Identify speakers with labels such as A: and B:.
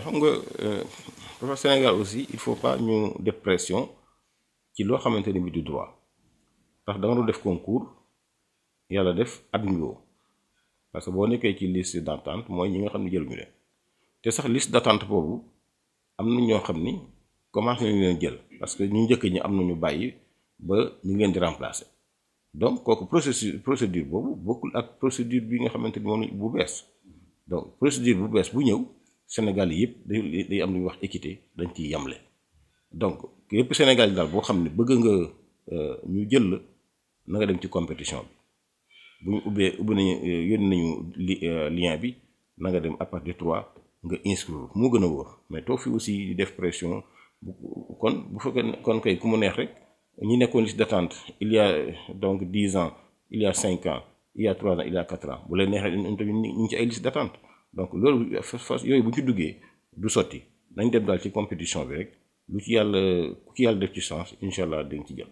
A: pour nga dafa euh, Sénégal aussi il faut pas ñu def pression ci loo xamante ni bi du droit dans da nga il def concours yàlla def admis woo parce que boo nekkee ci liste d'attente moi ñi nga xam ne jëluñu leen te sax liste d'attente boobu am nous ñoo xam ni commencé nous leen jël parce que ñu njëkk ñi am nous bàyyi ba ñu ngeen di remplacer donc kooku processus procédure boobu beaucoup ak procédure bi nga xamante ni moom bu donc procédure bu bees bu ñëw. Sénégal yëpp day day am lu ñuy wax équité dañ ciy yamle donc yëpp Sénégal yi daal boo xam ne bëgg nga euh, ñu jël na nga dem ci compétition bi bu ñu ubbee ubbi nañu euh, yónni nañu li euh, lien bi na nga dem à partir de trois nga inscrire moo gën a wóor mais toog fi aussi di def pression kon bu fekkee kon kay ku mu neex rek ñi nekkoon liste d'attente il y a donc dix ans il y a cinq ans il y a trois ans il y a quatre ans bu leen neexee ñun tamit ñu ngi ci ay liste d'attente donc loolu fas yooyu bu ñu duggee du sotti nañ dem daal ci compétition bi rek lu ci yàlla ku ci yàlla def ci sens incha allah dañ ci jël.